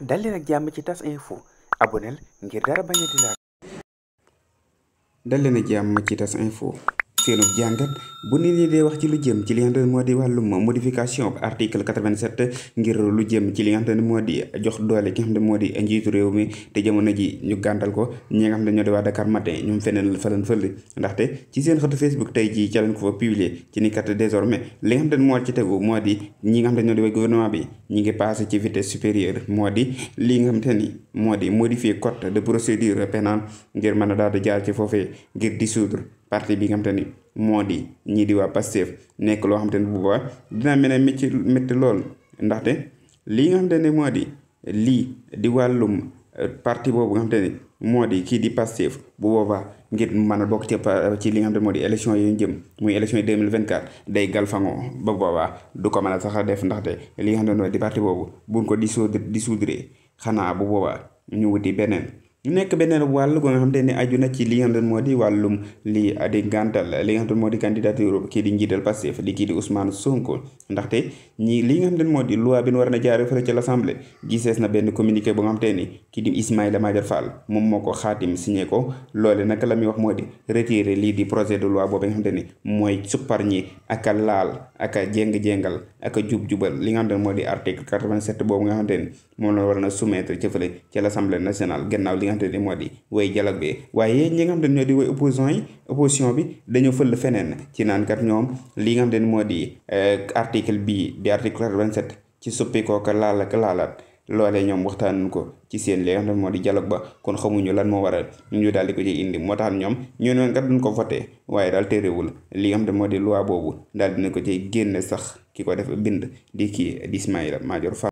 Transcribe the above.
dal leen ak jàmm ci tas info aboneel ngir dara bañ a laal dal leen ak jàmm ci tas info seenub jàngat bu nit ñi dee wax ci lu jëm ci li nga xamante ne moo di wàllum modification article 87 ngir lu jëm ci li ne moo di jox doole ki nga xam ne moo di njiitu réew mi te jamono ji ñu gàntal ko ñi nga xam ne ñoo di waa Dakar matin ñoom feneen falan fëlli ndaxte ci seen xëtu Facebook tey jii ca lañ ko fa publier ci ni kat désormais li nga xam ne moo ci tegu moo di ñi nga xam ne ñoo di waa gouvernement bi ñi ngi passé ci vitesse supérieure moo di li nga xam ni moo di modifier code de procédure pénale ngir mën a daal di jaar ci foofee ngir dissoudre parti bi nga xam te ni moo di ñii di waa Pastef nekk loo xam te ne bu boobaa dina mel ne métti métti lool ndaxte lii nga xam te ne moo di lii di wàllum euh, parti boobu nga xam te ne moo di kii di Pastef bu boobaa ngir mën a bokk ci ci li nga xam te moo di élection yi ñu jëm muy élection yi 2024 day galfangoo ba boobaa du ko mën a sax a def ndaxte li nga xam te ne di parti boobu buñ ko dissoudre dissoudre xanaa bu boobaa ñu wuti beneen ñu nekk beneen wàll go nga xam te ne aju na ci li nga xam ne moo di wàllum li ah, di gàntal li nga xam ne moo di candidature kii di njiital Pastef di kii di Ousmane Sonko ndaxte ñi li nga xam ne moo di loi bi war na jaare fële ci l'Assemblée gisees na benn communiqué bu nga xam te ni kii di Ismaïla Madior Fall moom moo ko xaatim signé ko loole nag la muy wax moo di retirer lii di projet de loi boobu nga xam te ni mooy suppar ñi ak a laal ak a jéng-jéngal ak a jub-jubal li nga xam ne moo di article 87 boobu nga xam ni moom la war na soumettre ci fële ci nationale gannaaw li nga xam te ne moo di way dialogue bi waaye xam te ne ñoo di way opposition yi opposition bi dañoo fël ci naan kat ñoom li nga xam te ne moo di eh, article suppi kooka laalaat loolee ñoom waxtaan ko ci seen li nga xam ne moo di dialogue ba kon xamuñu lan moo waral ñu daal di ko ci indi moo tax ñoom ñu ne kat duñ ko voté waaye daal terewul li nga xam ne moo di loi boobu daal dina ko ci génne sax ki ko def bind di kii di Ismaïla Madior Fall